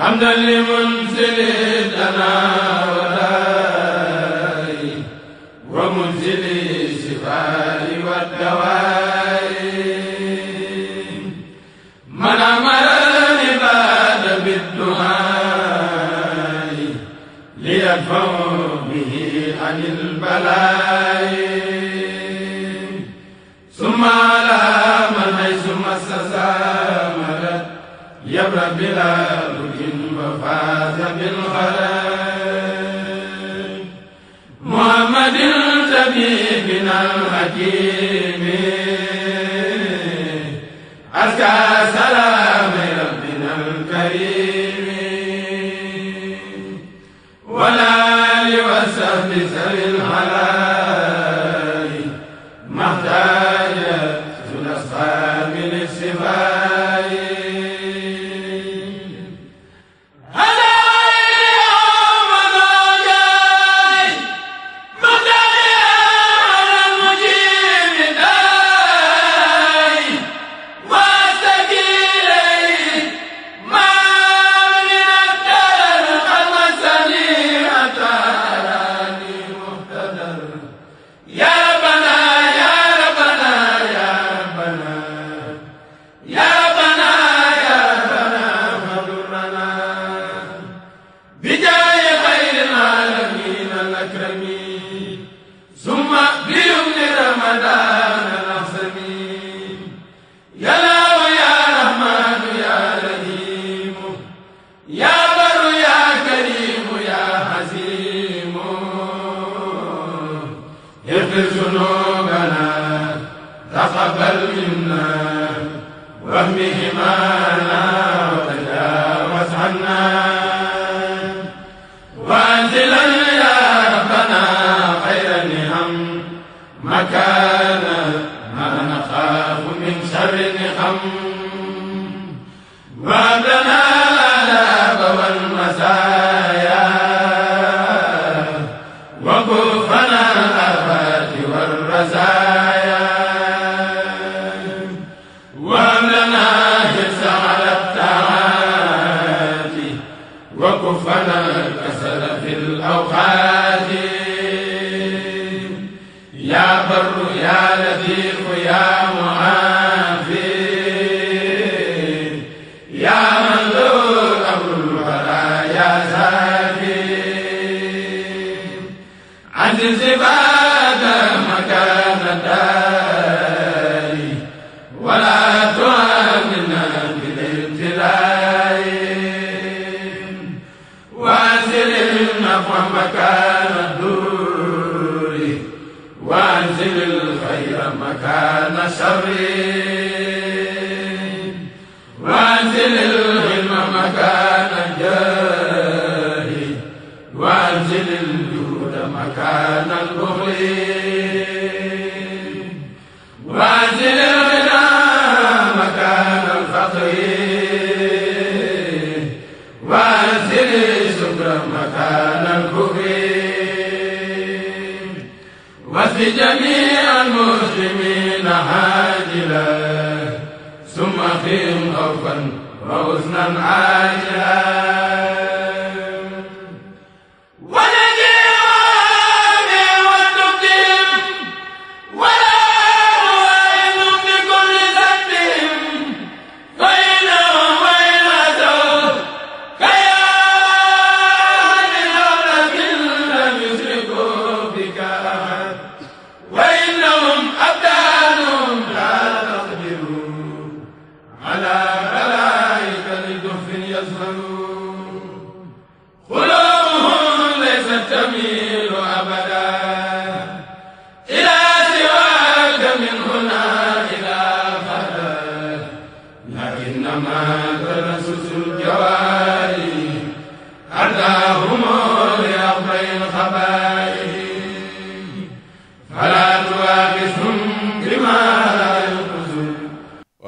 حمدا لمنزل لنا وداي ومنزل الشفاء والدواء من امر العباد بالدعاء ليدفع به عن البلاء بلال وفاز بالخلاء محمد تبي بنا الحكيم شر man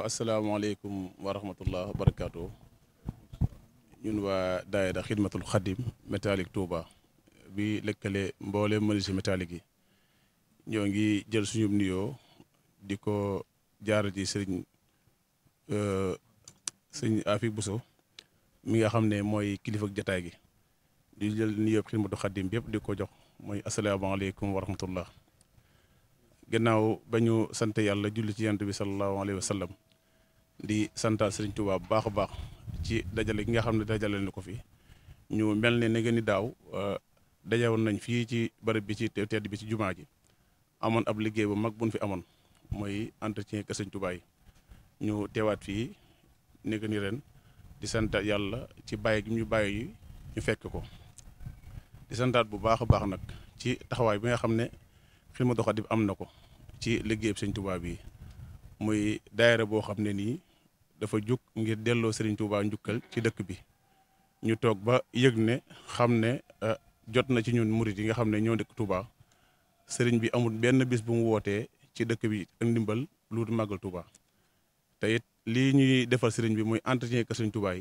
asalaamaaleykum wa rahmatullah wa barakaatu ñun waa daayira xidmatul xadim métallique Touba bi lëkkale mboole menuisier métallique yi ñoo ngi jël suñu nuyoo di ko ji sëriñ sëñ Afi Bousso mi nga xam ne mooy kilifa jataay gi di jël nuyoo Xidmatu Xaadim bi yëpp di ko jox mooy asalaamaaleykum wa rahmatullah gannaaw ba ñu sant yàlla julli ci yant bi sallallahu alayhi wa sallam di santaal Sëriñ Tuubaa bu baax a baax ci dajale ki nga xam ne dajale na ko fi ñu mel ne ne nga ni daaw euh, dajewoon nañ fii ci bërëb bi ci tedd bi ci jumaa ji amoon ab liggéey bu mag buñ fi amoon mooy entretien ak Sëriñ Tuubaa ñu teewaat fii nekk ni ren di santaat yàlla ci bàyyi gi ñu bàyyi yi ñu fekk ko di santaat bu baax a baax nag ci taxawaay bi nga xam ne Xidmatul Xaadim am na ko ci liggéeyub Sëñ Tuubaa bi muy daayira boo xam ne nii dafa jóg ngir delloo Sëriñ Tuubaa njukkal ci dëkk bi ñu toog ba yëg ne xam ne eh, jot na ci ñun murit yi nga xam ne ñoo dëkk Tuubaa sëriñ bi amul benn bis bu mu wootee ci dëkk bi ak ndimbal luutu màggal Tuubaa te lii ñuy defal sëriñ bi muy entretien kër sëriñ Tuubaa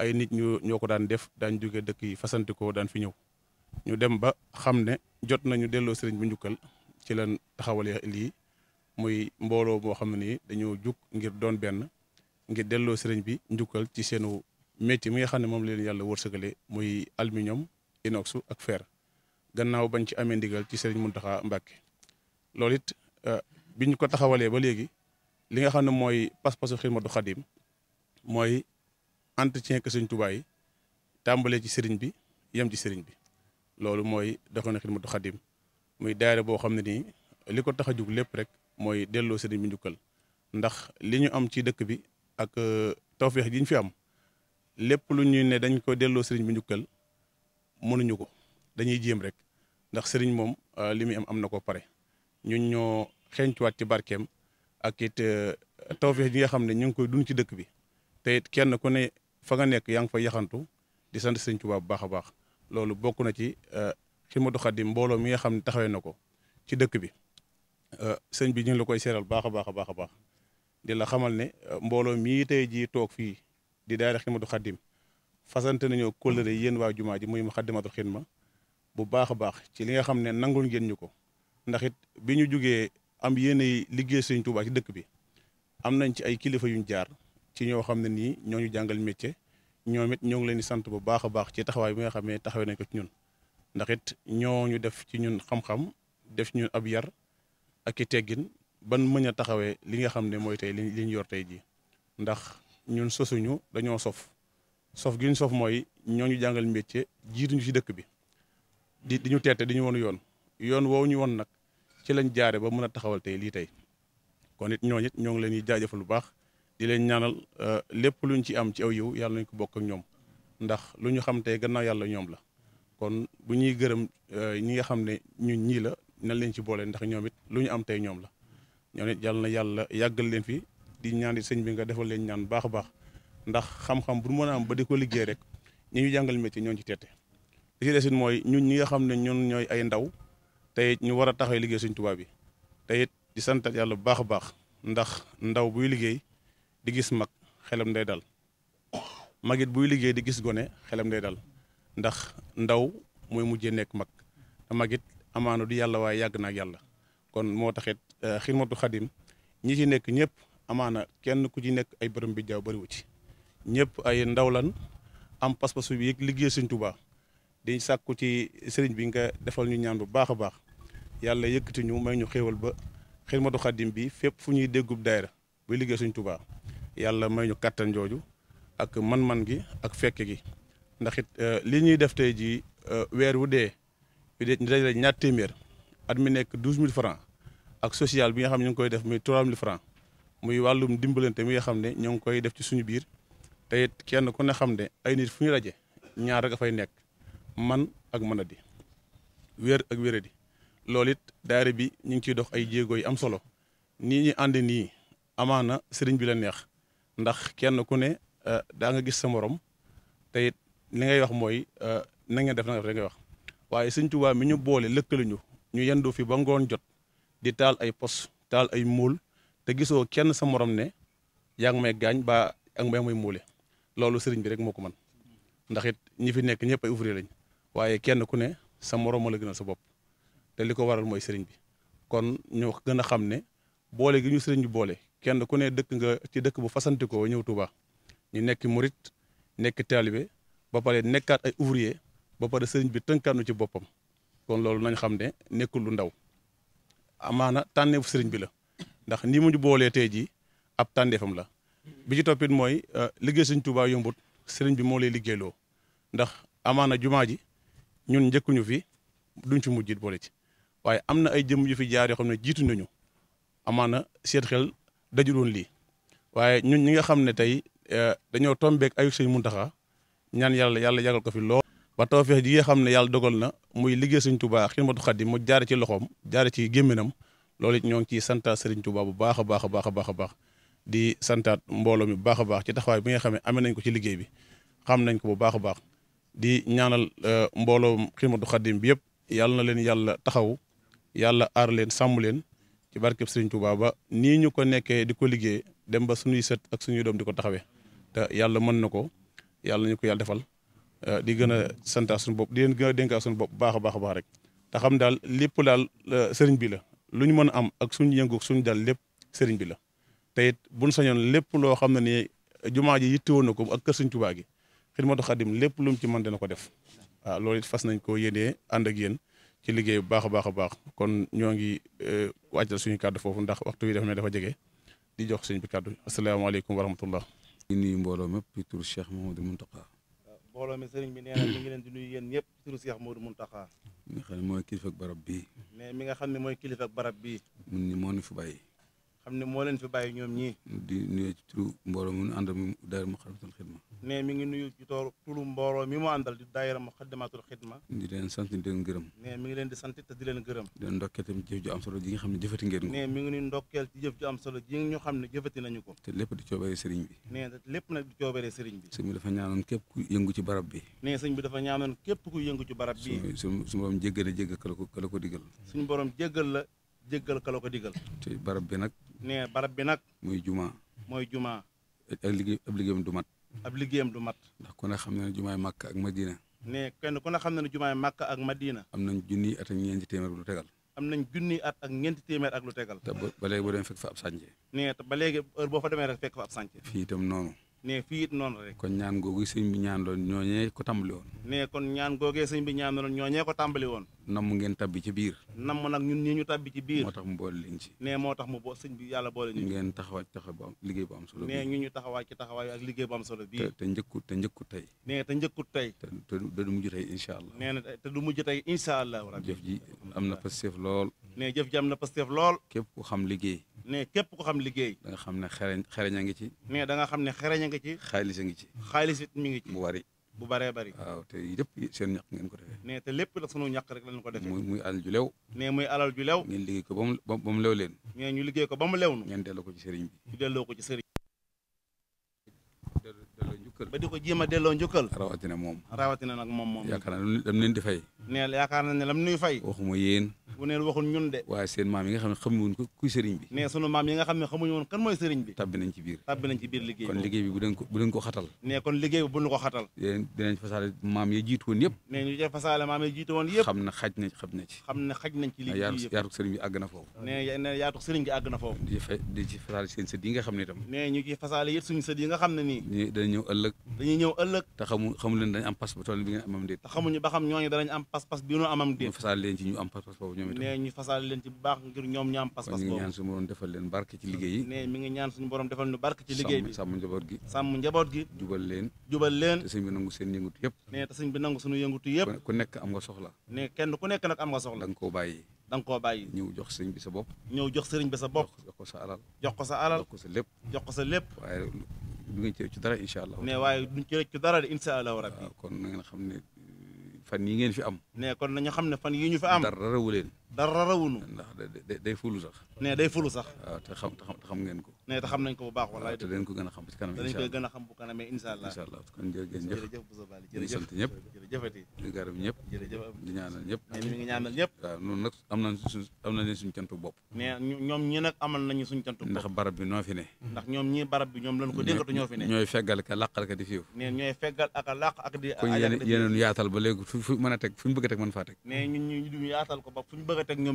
ay nit ñu ñoo ko daan def daan jóge dëkk yi fasanti ko daan fi ñëw ñu dem ba xam ne jot nañu delloo sëriñ bi njukkal ci lan taxawalee lii muy mbooloo boo xam ne nii dañoo jug ngir doon benn ngir delloo sëriñ bi njukkal ci seenu métier mi nga xam ne moom leen yàlla wërsëgale muy aluminium inox ak fer gannaaw bañ ci amee ndigal ci sëriñ Muntaxa Mbàkke loolu it euh, bi ñu ko taxawalee ba léegi li nga xam ne mooy pas-pasu xidmatu xadim mooy entretien que sëñ Tuubaa yi tàmbalee ci sëriñ bi yem ci sëriñ bi loolu mooy doxalinu xidmatu xadim muy daayira boo xam ne nii li ko tax a jug lépp rek mooy delloo sëriñ bi njukkal ndax li ñu am ci dëkk bi ak euh, tawféex ji fi am lépp lu ñuy ne dañ ko delloo sëriñ bi njukkal mënuñu ko dañuy jéem rek ndax sëriñ moom euh, li muy am am na ko pare ñun ñoo xeeñcuwaat ci barkeem ak it euh, tawfeex yi nga xam ne ñu ngi koy dund ci dëkk bi te it kenn ku ne fa nekk yaa ngi fa yaxantu di sant sëñ bu baax a baax loolu bokk na ci euh, Xidmatul Xaadim mbooloo mi nga xam ne taxawee na ko ci dëkk bi euh, sëñ bi ñu ngi la koy seeral baax a baax a baax a baax di la xamal ne mbooloo mii tey jii toog fii di daara Xidmatul Xaadim fasante nañoo kóllëre yéen waa jumaa ji muy Muxaddamatul Xidma bu baax a baax ci li nga xam ne nangul ngeen ñu ko ndax bi ñu jugee am yéene liggéey sëñ Tuubaa ci dëkk bi am nañ ci ay kilifa yuñ jaar ci ñoo xam ne nii ñoo ñu jàngal métier ñoom it ñoo ngi leen di sant bu baax a baax ci taxawaay bi nga xam ne taxawee nañ ko ci ñun ndax it ñoo ñu def ci ñun xam-xam def ñun ab yar ak i teggin ban mën a taxawee li nga xam ne mooy tey li li yor tey jii ndax ñun sosuñu dañoo sof sof gi ñu sof mooy ñoo ñu jàngal métier jiituñu ci dëkk bi di di ñu teete di ñu woon yoon yoon woowu ñu woon nag ci lañ jaare ba mën a taxawal tey lii tey kon it ñooñu it ñoo ngi leen di jaajëfal lu baax di leen ñaanal euh, lépp lu luñ ci am ci aw yiw yàlla nañ ko bokk ak ñoom ndax lu ñu xam tey gannaaw yàlla ñoom la kon bu ñuy gërëm euh, ñi nga xam ne ñun ñii la nan leen ci boole ndax ñoom it lu ñu am tey ñoom la ñoom it yàlla na yàlla yàggal leen fi di ñaan di sëñ bi nga defal leen ñaan baax a baax ndax xam-xam bu mën a am ba di ko liggéey rek ñi ñu jàngal métier ñoo ci teete li ci desit mooy ñun ñi nga xam ne ñun ñooy ay ndaw te ñu war a taxawee liggéey suñ tubaab bi te it di santat yàlla bu baax a baax ndax ndaw buy liggéey di gis mag xelam dal mag buy liggéey di gis gone xelam day dal ndax ndaw mooy mujjee nekk mag te mag it du yàlla waaye yàgg naa yàlla kon moo taxit eh, xidmatu xadim ñi ci nekk ñëpp amaana kenn ku ci nekk ay borom bi jaaw bëriwu ci ñëpp ay ndaw lan am pas-pasu bi liggéey suñ tubaa di sàkku ci sëriñ bi nga defal ñu ñaan bu baax a baax yàlla yëkkati ñu may ñu xéewal ba xidmatu xaddim bi fépp fu ñuy déggub daayra buy liggéey suñ tubaa yàlla may ñu kàttan jooju ak man-man gi ak fekk gi ndax it euh, li ñuy def tey jii euh, weer wu dee bi de dajale ñaar téeméer at mu nekk douze mille francs ak social bi nga xam ne ñu ngi koy def muy trois mille francs muy wàllum dimbalante mi nga xam ne ñu ngi koy def ci suñu biir te it kenn ku ne xam ne ay nit fu ñu raje ñaar rek fay nekk man ak manadi weer di wér ak loolu it daare bi ñu ngi ciy dox ay jéego yu am solo nii ñu ànd nii amaana sëriñ bi la neex ndax kenn ku ne euh, daa nga gis sa morom te it li ngay wax mooy euh, na ngeen def na ngay wax waaye sëñ waa mi ñu boole lëkkale ñu yendu fi ba ngoon jot di taal ay pos taal ay móol te gisoo kenn sa morom ne yaa ngi may gaañ ba ak may mooy móole loolu sëriñ bi rek moo ko man ndax it ñi fi nekk ñëpp ay ouvrier lañ waaye kenn ku ne sa morom moo la gënal sa bopp. te li ko waral mooy sëriñ bi kon ñu gën a xam ne boole gi ñu sëriñ bi boole kenn ku ne dëkk nga ci dëkk bu fasantikoo ñëw Touba ñu nekk murit nekk taalibe ba pare nekkaat ay ouvrier ba pare sëriñ bi tënkaat nu ci boppam kon loolu nañ xam ne nekkul lu ndaw amaana tànneefu sëriñ bi la ndax ni mu ñu boolee tey jii ab tànneefam la bi ci toppit mooy euh, liggéey sëriñ Touba yombut sëriñ bi moo lay liggéeyloo ndax amaana jumaa ji ñun njëkkuñu fi duñ ci mujjit boole ci waaye am na ay jëm yu fi jaar yoo xam ne jiitu nañu amaana seet xel dajuloon lii waaye ñun ñi nga xam ne tey eh, dañoo tombeek ayuk mun Muntaxa ñaan yàlla yàlla yàggal ko fi lool ba tawfeex ji nga xam ne yàlla dogal na muy liggéey sëñ Tuubaa Xidmatul Xaadim mu jaare ci loxoom jaare ci gémminam loolu it ñoo ngi ciy santaat sëriñ Tuubaa bu baax a baax a baax a baax a baax di santaat mbooloo mi baax a baax ci taxawaay bi nga xam ne amee nañ ko ci liggéey bi xam nañ ko bu baax a baax di ñaanal eh, mbooloo Xidmatul Xaadim bi yëpp yàlla na leen yàlla taxaw yàlla aar leen sàmm leen ci barkeb Sëriñ Tuubaa ba nii ñu ko nekkee di ko liggéey dem ba suñuy sët ak suñuy doom di ko taxawee te yàlla mën na ko yàlla ñu ko yàlla defal di gën a santaa suñu bopp di leen gën a dénkaa suñu bopp baax a baax a baax rek te xam daal lépp daal e, sëriñ bi la lu ñu mën a am ak suñu yëngu suñu daal lépp sëriñ bi la te it buñ sañoon lépp loo xam ne ni jumaa ji yittewoon na ko ak kër Sëriñ Tuubaa gi Xidmatu Xaadim lépp lu ci mën dana ko def loolu it fas nañ koo yéenee ànd ak yéen ci liggéey bu baax a baax a baax kon ñoo ngi eh, wàccal suñu kàddu foofu ndax waxtu wi dafa ne dafa jege di jox sëñ bi kàddu asalaamaaleykum wa rahmatullah di nuyu mbooloo mépp ci turu Cheikh Mamadou Mountakha. mbooloo mi sëriñ bi nee na ngi leen di nuyu yéen ñëpp ci turu Cheikh Mamadou Mountakha. mooy kilifa ak barab bii. mais mi nga xam ne mooy kilifa barab bi mun ni moo ñu fi bàyyi. xam ne moo leen fi bàyyi ñoom ñii. di nuyu ci turu mbooloo mi nu àndal mi daayira Muxaddamatul Xidma. mu àndal di daayira Muxaddamatul Xidma. di leen sant di leen gërëm. ne mi ngi leen di sant te di leen gërëm. di leen ndokkeel tamit jëf ju am solo ji ne jëfati ngeen ko. ne mi ngi nuyu ndokkeel ci jëf xam ne jëfati nañu ko. te lépp di coobare sëriñ bi. ne lépp nag di coobare sëriñ bi. sëñ bi dafa ñaanoon képp ku yëngu ci barab bi. ne sëñ bi dafa ñaanoon képp ku yëngu ci barab bi. suñu borom jéggal la jéggal kala ko kala ko digal. suñu la jéggal ka ko digal. te barab bi nag. nee barab bi nag. muy juma. mooy juma. ak liggéey ab liggéeyam du mat. ab liggéeyam du mat. ndax kon ne xam na ne jumaay màkk ak madina. nee kenn ku ne xam na ne jumaay màkk ak madina. am nañ junni at ak ñeenti téeméer lu tegal. am nañ junniy at ak ñeenti téeméer ak lu tegal. te ba léegi boo demee fekk fa ab sànce. nee ba léegi heure boo fa demee rek fekk fa ab sànce. fii tam noonu. ne fii it noonu rek. kon ñaan googu sëñ bi ñaan doon ñooñee ko tàmbali woon. ne kon ñaan googee sëñ bi ñaan doon ñooñee ko tàmbali woon. namm ngeen tabbi ci biir. namm nag ñun ñii ñu tabbi ci biir. moo tax mu boole leen ci. ne moo tax mu bo sëñ bi yàlla boole ñu. ngeen taxawaay taxaw bu am liggéey bu am solo. ne ñu ñu taxawaay ak liggéey bu am solo bii. te te njëkkut te njëkkut tey. ne te njëkkut tey. te te du mujj tey incha allah. nee na te du mujj tey incha allah. jëf ji am na pasteef lool. ne jëf ji am na pasteef lool. képp ku xam liggéey ne képp ko xam liggéey. da nga xam ne xereñ xereñ ngi ci. ne da nga xam ne xereñ a ngi ci. xaalis a xaalis it bu bari. bu bare bari. waaw te yëpp seen ñaq ngeen ko defee. ne te lépp la sunu ñaq rek lañ ko defee. muy muy alal ju lew. ne muy alal ju lew. ngeen liggéey ko ba mu ba mu lew leen. ne ñu liggéey ko ba mu lew nu. ngeen delloo ko ci sëriñ bi. ñu delloo ko ci ba di ko jéem a delloo njukkal rawatina moom rawatina nag moom moom yaakaar naa lam leen di fay ne yaakaar na ne lam nuy fay waxuma yéen mu neen waxul ñun de waaye seen maam yi nga xam ne xamuñu woon ko kuy sëriñ bi ne sunu maam yi nga xam ne xamuñu woon kan mooy sëriñ bi tabbi nañ ci biir tabbi nañ ci biir liggéey kon liggéey bi bu den ko bu den ko xatal ne kon liggéey bi bu ñu ko xatal dinañ fasaale maam yi jiitu woon yëpp ne ñu ci fasaale maam yi jiitu woon yëpp xam na xaj nañ xam na ci xam na xaj nañ ci liggéey yëpp yaatu sëriñ bi àgg na foofu ne yaatu sëriñ bi àgg na foofu di ci fasaale seen sët yi nga xam ne itam ne ñu ci fasaale yët suñu sët yi nga xam ne nii dañu ñëw ëllëg dañuy ñëw ëllëg te xamu xamu leen dañ am pas ba toll bi ngeen amam déet te xamuñu ba xam ñooñu danañ am pas pas bi ñu amam déet fasaale leen ci ñu am pas pas boobu ñoom nee ñu fasaal leen ci baax ngir ñoom ñaam pas defal leen barke ci liggéey yi nee mi ngi ñaan suñu borom defal ñu barke ci liggéey bi sàmm njaboot gi sàmm njaboot gi jubal leen jubal leen bi nangu seen yëngutu yëpp nee te sëñ bi nangu suñu yëngutu yëpp ku nekk am nga soxla nee kenn ku nekk nag am nga soxla da koo bàyyi da nga koo bàyyi jox sëriñ bi sa bopp ñëw jox sëriñ bi sa bopp jox ko sa alal jox ko sa alal ko sa lépp jox ko sa lépp waaye du ngeen ci dara incha allah ne waaye duñ ci rëccu dara de incha allah rabbi kon na xam ne euh, fan yi ngeen fi am ne kon nañu xam ne fan yii ñu fi am dara rawu leen dara rawunu ndax day day fulu sax ne day fulu sax ah, te xam ngeen ko ne te xam nañ ko bu baax walaay ah, te dañ gën a xam a xam bu kanamee insha allah insha allah kon jërëjëf jërëjëf bu soobali jërëjëf sant ñëpp jërëjëfati di gërëm ñëpp jërëjëf di ñaanal suñ cantu bopp ne ñoom ñi nag amal suñ cantu bopp bi ñoo fi ne ndax ñoom ñi bi ñoom lañ ko dénkatu feggal ka làqal ka di fiiw ne ñooy feggal ak a làq ak di kon yéen yéen fu a ñu bëgg teg mën faa teg bëgg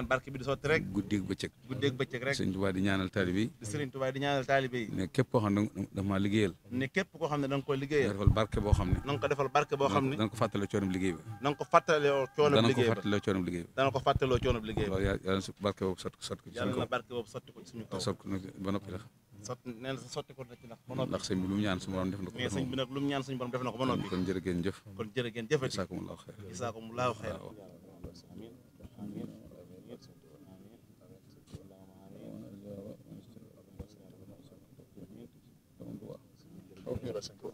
a barke bi di sotti rek mais di bëccëg guddeeg bëccëg rek di ñaanal taalibe yi sëriñ Tuubaa di ñaanal taalibe yi ne képp koo xam liggéeyal ne képp ko xam ne na ko defal barke ko fàttale coonam liggéey liggéey ba dana ko fàttaloo coonam liggéey liggéey ba sot ko nag ba na sotti na ko mais sëñ bi nag lu mu ñaan suñu borom def na ko ba noppi kon jërë ngeen jëf kon jërë ngeen jëfati isaakumulaahu xeer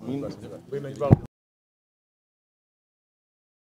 isaakumulaahu xeer